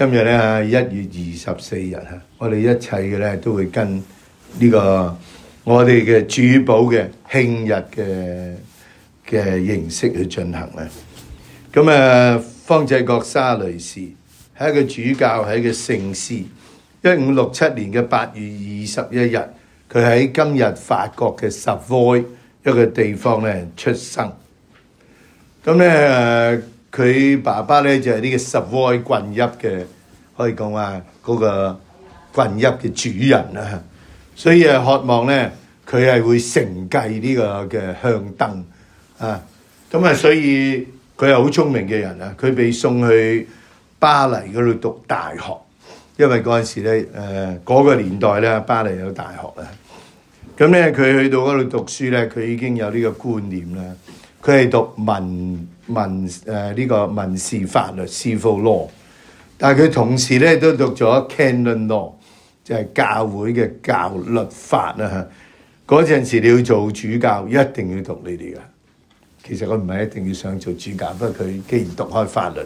今日咧一月二十四日啊，我哋一切嘅咧都會跟呢個我哋嘅主保嘅慶日嘅嘅形式去進行咧。咁啊，方濟各沙雷氏係一個主教，係一個聖師。一五六七年嘅八月二十一日，佢喺今日法國嘅 Savoy 一個地方咧出生。咁咧誒。佢爸爸咧就係呢個 Savoy 郡邑嘅，可以講話嗰個郡邑嘅主人啦，所以啊渴望咧佢係會承繼呢個嘅香燈啊，咁啊所以佢係好聰明嘅人啊，佢被送去巴黎嗰度讀大學，因為嗰陣時咧誒嗰個年代咧巴黎有大學啊，咁咧佢去到嗰度讀書咧佢已經有呢個觀念啦，佢係讀文民誒呢個民事法律 civil law，但係佢同時咧都讀咗 Canon law，就係教會嘅教律法啊嚇。嗰陣時你要做主教，一定要讀你哋噶。其實佢唔係一定要想做主教，不過佢既然讀開法律，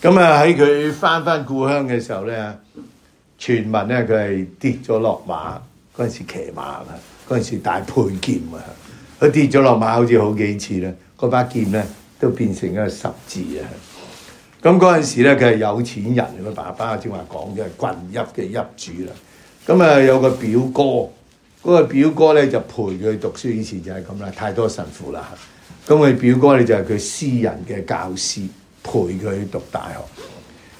咁啊喺佢翻返故鄉嘅時候咧，傳聞咧佢係跌咗落馬。嗰陣時騎馬啊，嗰陣時帶佩劍啊，佢跌咗落馬好似好幾次啦。嗰把劍咧～都變成一個十字啊！咁嗰陣時咧，佢係有錢人，佢爸爸正話講嘅郡邑嘅邑主啦。咁啊有個表哥，嗰、嗰個表哥咧就陪佢讀書。以前就係咁啦，太多神父啦。咁佢表哥咧就係佢私人嘅教師，陪佢讀大學。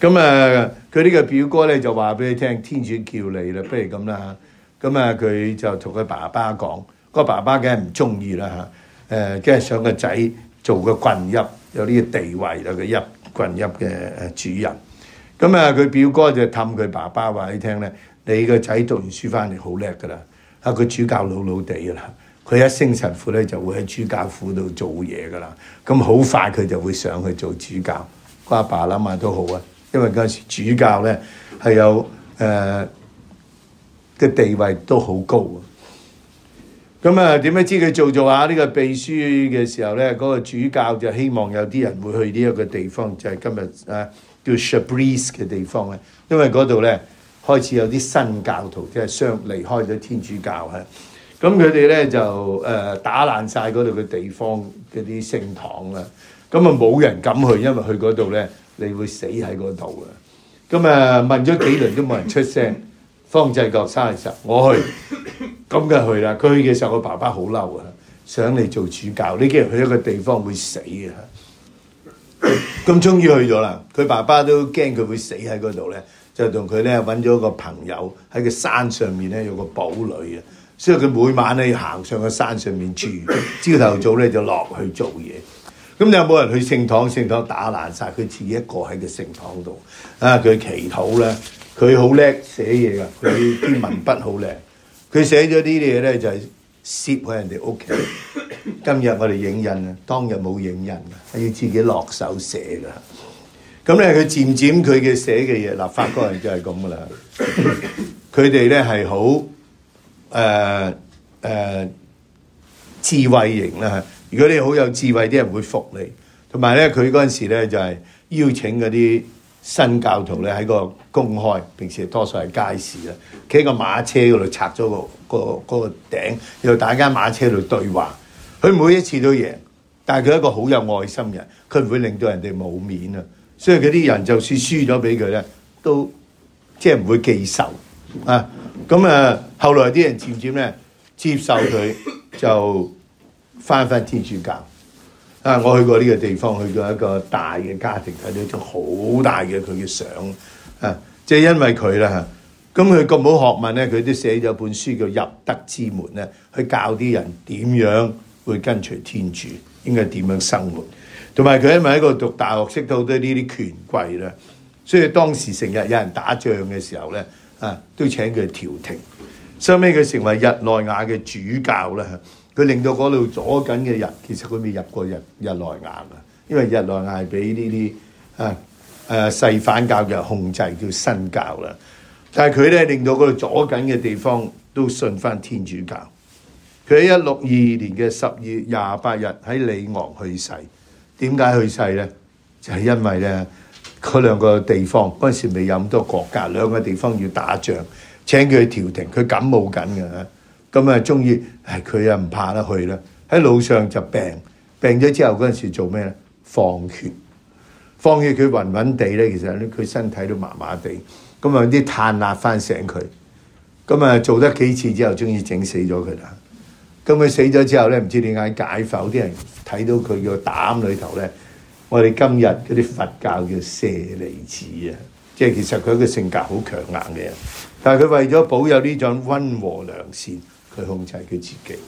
咁啊，佢呢個表哥咧就話俾佢聽：天主叫你啦，不如咁啦。咁啊，佢就同佢爸爸講，個爸爸梗係唔中意啦嚇。誒，即係想個仔。做個郡邑，有呢個地位啦，有個郡邑嘅主人。咁啊，佢表哥就氹佢爸爸話你聽咧，你個仔讀完書翻嚟好叻噶啦，啊，佢主教老老哋啦，佢一升神父咧就會喺主教府度做嘢噶啦。咁好快佢就會上去做主教。阿爸諗下都好啊，因為嗰時主教咧係有誒嘅、呃、地位都好高。咁啊，點樣知佢做做下呢個秘書嘅時候咧，嗰個主教就希望有啲人會去呢一個地方，就係今日誒叫 Shabris 嘅地方咧。因為嗰度咧開始有啲新教徒，即係相離開咗天主教嚇。咁佢哋咧就誒打爛晒嗰度嘅地方嗰啲聖堂啦。咁啊，冇人敢去，因為去嗰度咧你會死喺嗰度啊。咁啊，問咗幾輪都冇人出聲。方濟各生嘅時候，我去，咁梗去啦。佢嘅時候，佢爸爸好嬲啊，想嚟做主教。呢幾日去一個地方會死嘅，咁 終於去咗啦。佢爸爸都驚佢會死喺嗰度咧，就同佢咧揾咗個朋友喺個山上面咧有個堡壘嘅，所以佢每晚咧要行上個山上面住，朝頭早咧就落去做嘢。咁 你有冇人去聖堂，聖堂打爛晒，佢自己一個喺個聖堂度啊！佢祈禱咧。佢好叻寫嘢噶，佢啲文筆好靚。佢寫咗啲嘢咧就係攝喺人哋屋企。今日我哋影印啊，當日冇影印噶，要自己落手寫噶。咁咧佢漸漸佢嘅寫嘅嘢，嗱法國人就係咁噶啦。佢哋咧係好誒誒智慧型啦。如果你好有智慧，啲人會服你。同埋咧，佢嗰陣時咧就係邀請嗰啲。新教徒咧喺個公開，平時多數喺街市啦，企喺個馬車嗰度拆咗個個嗰、嗰個頂，又大家馬車度對話。佢每一次都贏，但係佢係一個好有愛心的人，佢唔會令到人哋冇面啊。所以佢啲人就算輸咗俾佢咧，都即係唔會記仇啊。咁啊，後來啲人漸漸咧接受佢，就翻翻天主教。啊！我去過呢個地方，去過一個大嘅家庭，睇到一張好大嘅佢嘅相。啊，即係因為佢啦嚇。咁佢咁好學問咧，佢都寫咗本書叫《入德之門》咧，去教啲人點樣會跟隨天主，應該點樣生活。同埋佢因為喺個讀大學識到好多呢啲權貴啦，所以當時成日有人打仗嘅時候咧，啊都請佢調停。收尾佢成為日內瓦嘅主教啦。佢令到嗰度阻緊嘅人，其實佢未入過日日內瓦啊，因為日內瓦係俾呢啲誒誒誓反教嘅控制，叫新教啦。但係佢咧令到嗰度阻緊嘅地方都信翻天主教。佢喺一六二二年嘅十二月廿八日喺里昂去世。點解去世咧？就係因為咧嗰兩個地方嗰陣時未有咁多國家，兩個地方要打仗，請佢去調停。佢感冒緊嘅。咁啊，中、哎、意，佢又唔怕得去啦。喺路上就病，病咗之後嗰陣時做咩咧？放血，放血。佢暈暈地咧。其實咧，佢身體都麻麻地。咁啊，啲炭焫翻醒佢。咁啊，做得幾次之後終於，終於整死咗佢啦。咁佢死咗之後咧，唔知點解解剖啲人睇到佢個膽裏頭咧，我哋今日嗰啲佛教叫舍利子啊。即係其實佢個性格好強硬嘅人，但佢為咗保有呢種溫和良善。佢控制佢自己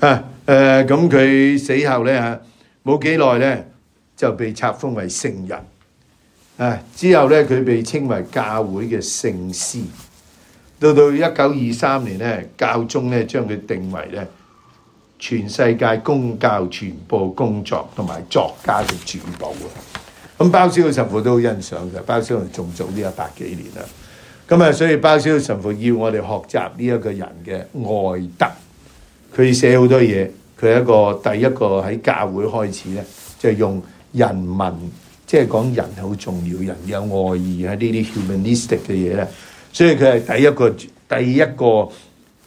啊！誒，咁佢死後咧吓，冇幾耐咧就被冊封為聖人啊！之後咧，佢被稱為教會嘅聖師，到到一九二三年咧，教宗咧將佢定為咧全世界公教傳播工作同埋作家嘅主保啊！咁鮑思高實我都好欣賞嘅，鮑思高仲早呢一百幾年啦。咁啊，所以包小神父，要我哋學習呢一個人嘅愛德。佢寫好多嘢，佢係一個第一個喺教會開始咧，就用人民，即係講人好重要，人有愛意啊呢啲 humanistic 嘅嘢咧。所以佢係第一個第一個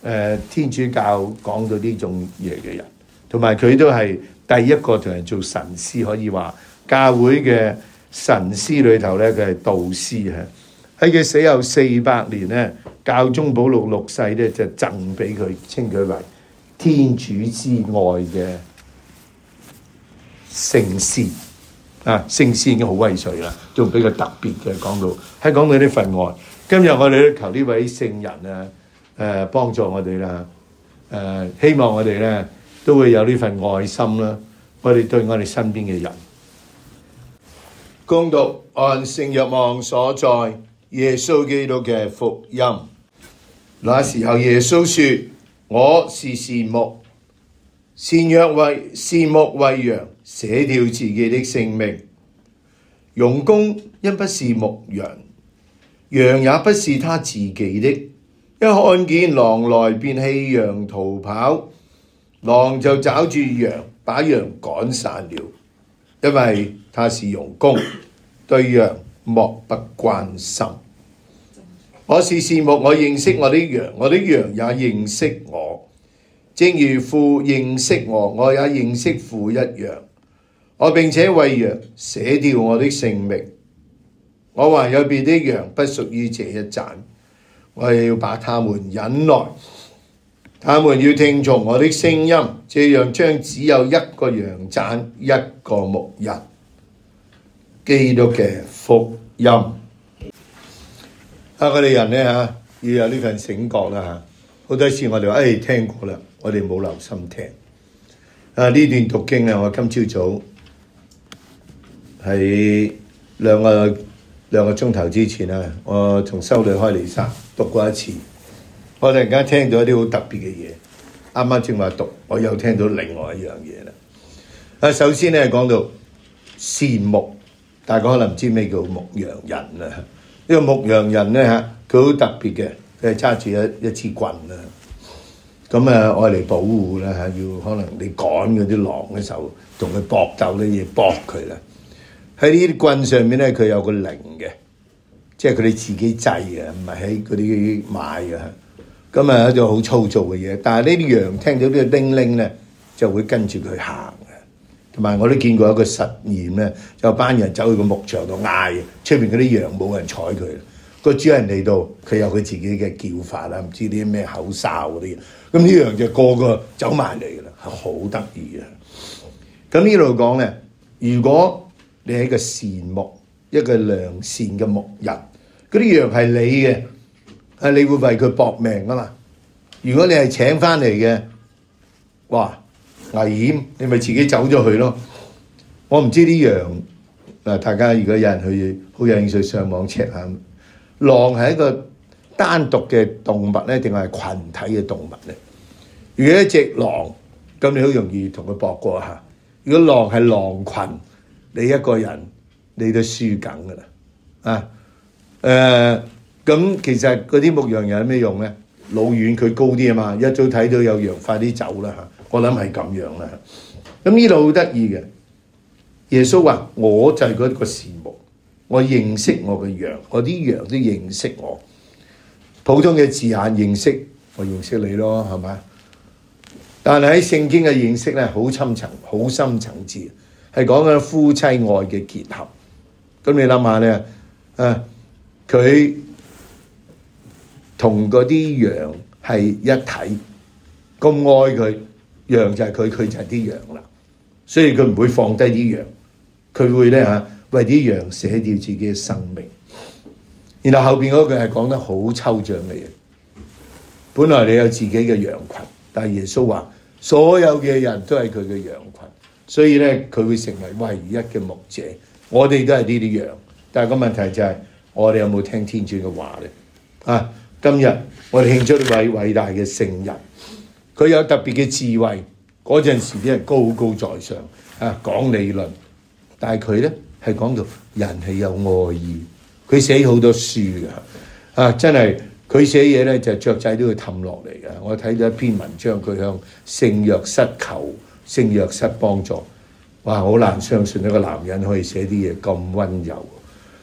誒天主教講到呢種嘢嘅人，同埋佢都係第一個同人做神師可以話教會嘅神師裏頭咧，佢係導師。啊。喺佢死後四百年咧，教宗保禄六世咧就贈俾佢，稱佢為天主之愛嘅聖師。啊，聖師已經好威水啦，仲比較特別嘅。講到喺講到呢份愛，今日我哋咧求呢位聖人啊，誒幫助我哋啦，誒希望我哋咧都會有呢份愛心啦，我哋對我哋身邊嘅人，恭讀按聖若望所在。耶穌基督嘅福音，那時候耶穌說：我是善牧，善牧為善牧為羊，捨掉自己的性命，傭工因不是牧羊，羊也不是他自己的。一看見狼來，便棄羊逃跑，狼就抓住羊，把羊趕散了，因為他是傭工，對羊漠不關心。我是善牧，我認識我的羊，我的羊也認識我，正如父認識我，我也認識父一樣。我並且為羊捨掉我的性命。我還有別的羊不屬於這一棧，我要把他們引來，他們要聽從我的聲音，這樣將只有一個羊棧，一個牧人。基督嘅福音。啊！佢哋人咧嚇要有呢份醒覺啦嚇，好多時我哋話，哎，聽過啦，我哋冇留心聽。啊！呢段讀經咧，我今朝早喺兩個兩個鐘頭之前啊，我從修女開嚟曬讀過一次。我突然間聽到一啲好特別嘅嘢，啱啱正話讀，我又聽到另外一樣嘢啦。啊，首先咧，講到羨慕，大家可能唔知咩叫牧羊人啊。呢、呢個牧羊人呢，佢好特別嘅，佢係揸住一支棍啊，咁啊用嚟保護、啊、要可能你趕嗰啲狼嘅時候，同佢搏鬥咧要搏佢啦。喺呢啲棍上面呢，佢有個鈴嘅，即係佢哋自己製嘅，唔係喺嗰啲買嘅那啊。咁啊一種好粗糙嘅嘢，但係呢啲羊聽到呢個鈴鈴呢，就會跟住佢行。同埋我都見過一個實驗咧，就有班人走去個牧場度嗌，出面嗰啲羊冇人睬佢啦。個主人嚟到，佢有佢自己嘅叫法啦，唔知啲咩口哨嗰啲。咁呢樣就個個走埋嚟噶啦，係好得意嘅。咁呢度講咧，如果你係一個善牧，一個良善嘅牧人，嗰啲羊係你嘅，係你會為佢搏命噶嘛？如果你係請翻嚟嘅，哇！危險，你咪自己走咗去咯。我唔知啲羊嗱，大家如果有人去好有興趣上網 check 下，狼係一個單獨嘅動物咧，定係群體嘅動物咧？如果一隻狼，咁你好容易同佢搏過嚇。如果狼係狼群，你一個人你都輸梗噶啦。啊，誒、呃，咁其實嗰啲牧羊人有咩用咧？老遠佢高啲啊嘛，一早睇到有羊快，快啲走啦嚇。我諗係咁樣啦，咁呢度好得意嘅。耶穌話：我就係嗰一個善牧，我認識我嘅羊，我啲羊都認識我。普通嘅字眼認識，我認識你咯，係咪？但係喺聖經嘅認識咧，好深層，好深層次，係講緊夫妻愛嘅結合。咁你諗下咧，誒、啊，佢同嗰啲羊係一體，咁愛佢。羊就係佢，佢就係啲羊啦，所以佢唔會放低啲羊，佢會咧吓為啲羊捨掉自己嘅生命。然後後邊嗰句係講得好抽象嘅嘢，本來你有自己嘅羊群，但係耶穌話所有嘅人都係佢嘅羊群，所以咧佢會成為唯一嘅牧者。我哋都係呢啲羊，但係個問題就係、是、我哋有冇聽天主嘅話咧？啊，今日我哋慶祝呢位偉大嘅聖人。佢有特別嘅智慧，嗰陣時啲人高高在上，啊講理論，但係佢咧係講到人係有愛意，佢寫好多書㗎，啊真係佢寫嘢咧就是、雀仔都要氹落嚟㗎。我睇咗一篇文章，佢向聖若瑟求，聖若瑟幫助，哇好難相信一個男人可以寫啲嘢咁溫柔，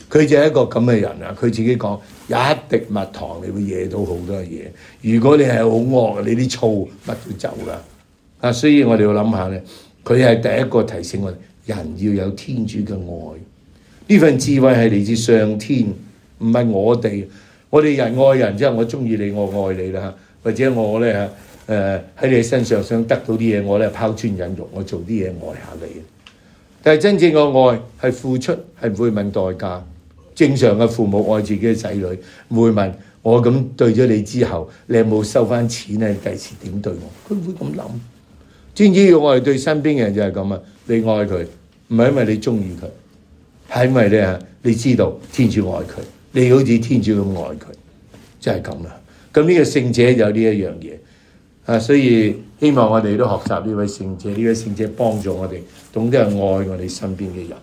佢就係一個咁嘅人啊！佢自己講。一滴蜜糖，你會惹到好多嘢。如果你係好惡，你啲醋乜都走啦。啊，所以我哋要諗下咧，佢係第一個提醒我，人要有天主嘅愛。呢份智慧係嚟自上天，唔係我哋。我哋人愛人之後，我中意你，我愛你啦。或者我咧嚇誒喺你身上想得到啲嘢，我咧拋磚引玉，我做啲嘢愛下你。但係真正嘅愛係付出，係唔會問代價。正常嘅父母愛自己嘅仔女，會問我咁對咗你之後，你有冇收翻錢咧？第時點對我？佢唔會咁諗。知唔知道我哋對身邊嘅人就係咁啊？你愛佢，唔係因為你中意佢，係因為你啊，你知道天主愛佢，你好似天主咁愛佢，就係咁啊。咁呢個聖者有呢一樣嘢啊，所以希望我哋都學習呢位聖者，呢位聖者幫助我哋，總之係愛我哋身邊嘅人。